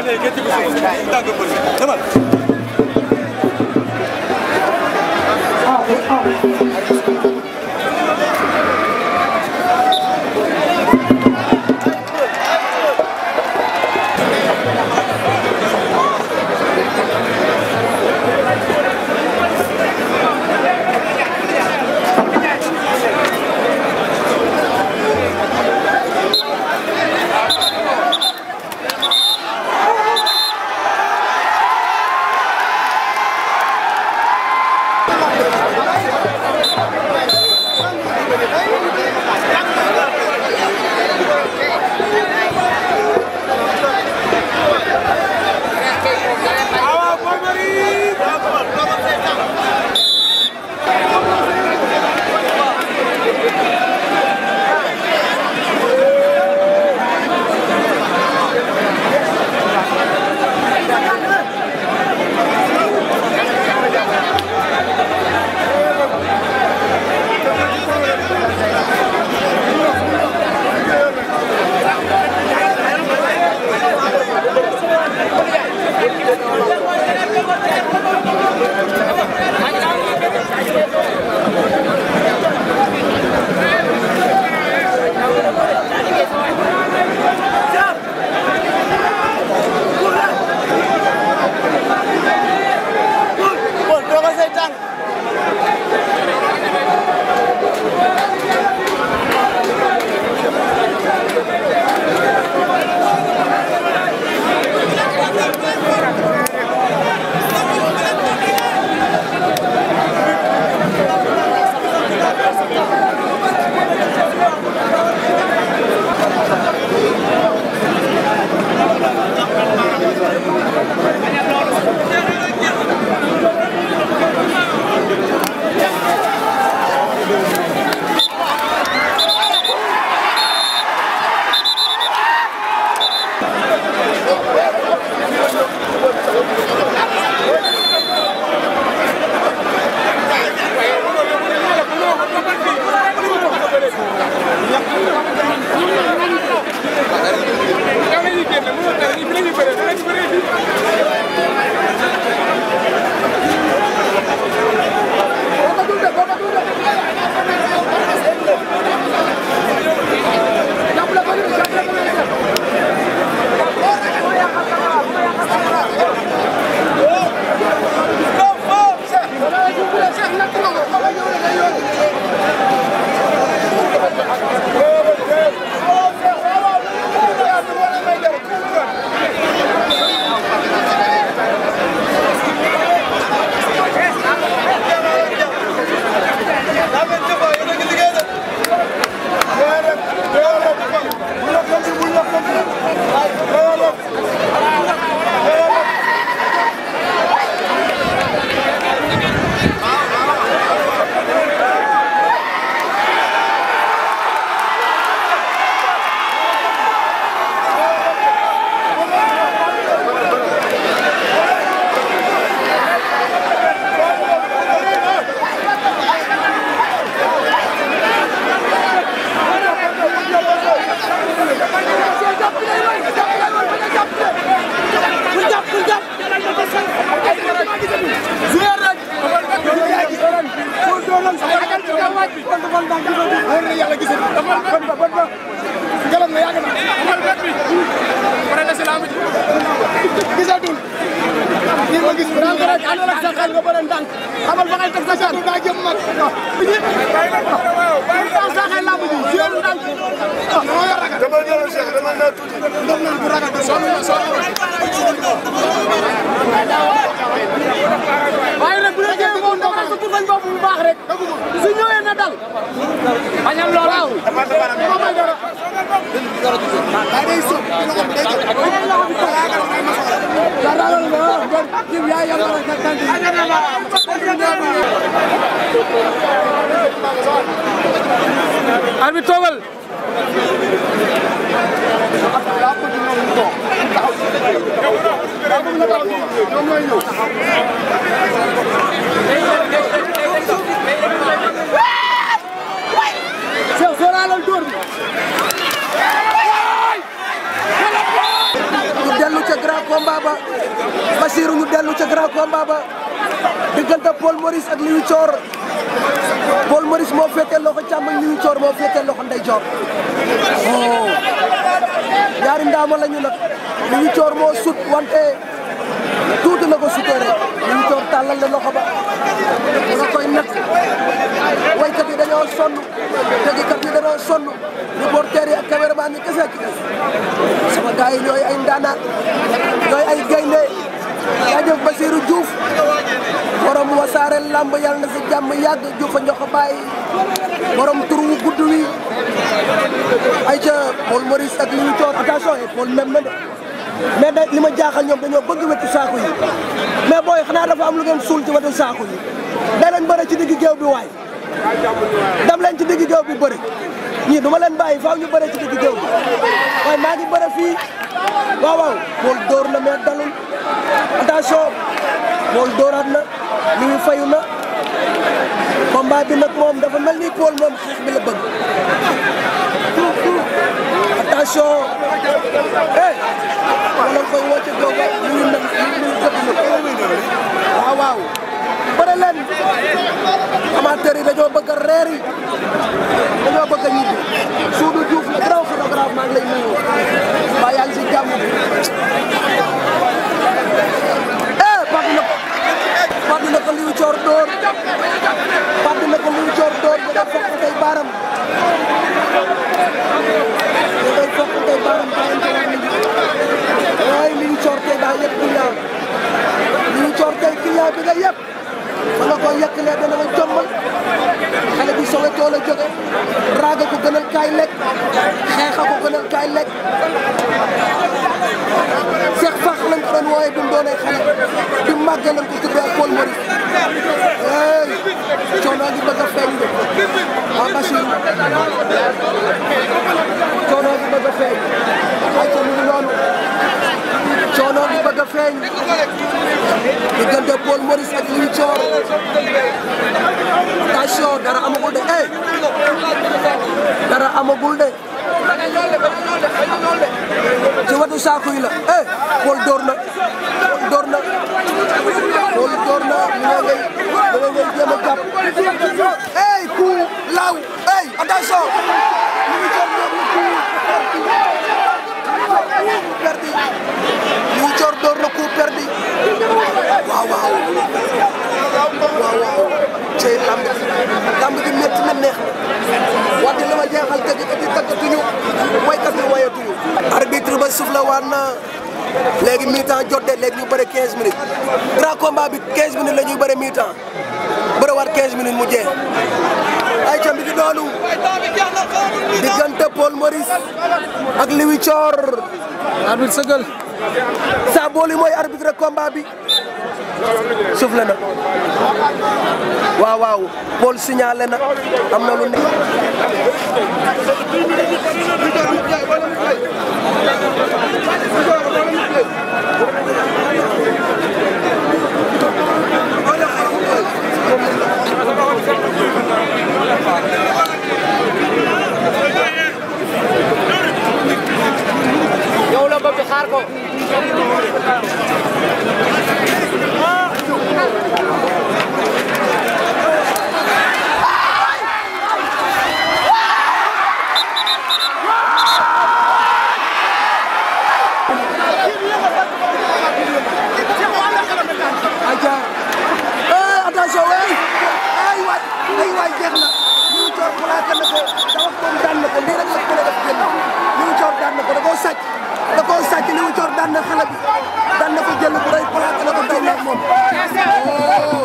nga àndal ak sa xel nga bëre ndànk xamal fa ngay teg sa char daa jëm mat sa xel lamb ji jël ndànk dama yor ragal dama yor ragal dama yor tuuti ndox naan bu ragal arbi toogal ñoom ñooy ñëw jàpp ca grand combat ba diggante Paul Maurice ak Liu Thior Paul Maurice moo féetee loxo càmmoñ Liu Thior moo féetee loxo ndeyjoor oh ñaari ndaama lañu nag Liu Thior moo sut wante tuuti na ko sutee rek Liu Thior tàllal la loxo ba nga koy nag waykat yi dañoo sonn tegikat yi dañoo sonn reporter yi ak caméraman yi kese ak kese sama ñooy ay ndaanaan ñooy ay gay jaajëf Basirou Diouf borom Wassare Lamb yàlla na sa jàmm yàgg Diouf a njox a bàyyi borom tur wu gudd wi ay ca Paul Maurice ak li ñu coor attention et Paul même na de mais li ma jaaxal ñoom dañoo bëgg wetu saako yi mais booy xanaa dafa am lu ngeen suul ci wetu saako yi da leen bëre ci digg géew bi waay dam leen ci digg géew bi bëri ñii du ma leen bàyyi faaw ñu bëre ci digg géew bi waaye maa ngi bëre fii waaw waaw Paul dóor na mais dalul attention Paul dóoraat na ñu fayu na combat bi moom dafa mel ni Paul moom xeex bi la bëgg attention eh wala koy wocce googa ñu ngi nag ñu ngi jot waaw waaw bëre leen amateurs yi dañoo bëgg a reer yi dañoo bëgg a ñibbi baaram day foqante baaram waaye li ñu coorte daa yëpp client li ñu coorte client bi nga yëpp fa la ko yëkkalee kaay lekk xeexa ko gën a kaay lekk Cheikh Fakh lañ ko doon wooyee bi mu doonee xale bi mu màggee lañ ko tuddee Paul Maurice hey coono gi bëgg a feeñ de ah Bachir coono gi bëgg a feeñ ayca mu ngi noonu coono gi bëgg a feeñ diggante Paul Maurice ak Louis Thior attention dara amagul de eh. dara amagul de. ci watu saako yi la eh Paul door na Paul door na Paul door na da ngay da ngay jéem a jàpp eh ku laaw eh attention. neexal tëgg et puis tëggatuñu waykat yi wayatuñu. arbitre ba suuf la waat na léegi mi-temps jot de léegi ñu bëre 15 minutes grand combat bi waat 15 minutes mu jeex. ay ca mbigi doonu Paul Maurice ak Liwi Thior arbitre sëgal sa booli mooy arbitre combat bi soufflé na waaw waaw Paul signalé na am na lu nekk koo sàcc da koo sàcc li mu coor daan na xale bi daan na ko jël bu rëy plaqué la ko daw moom.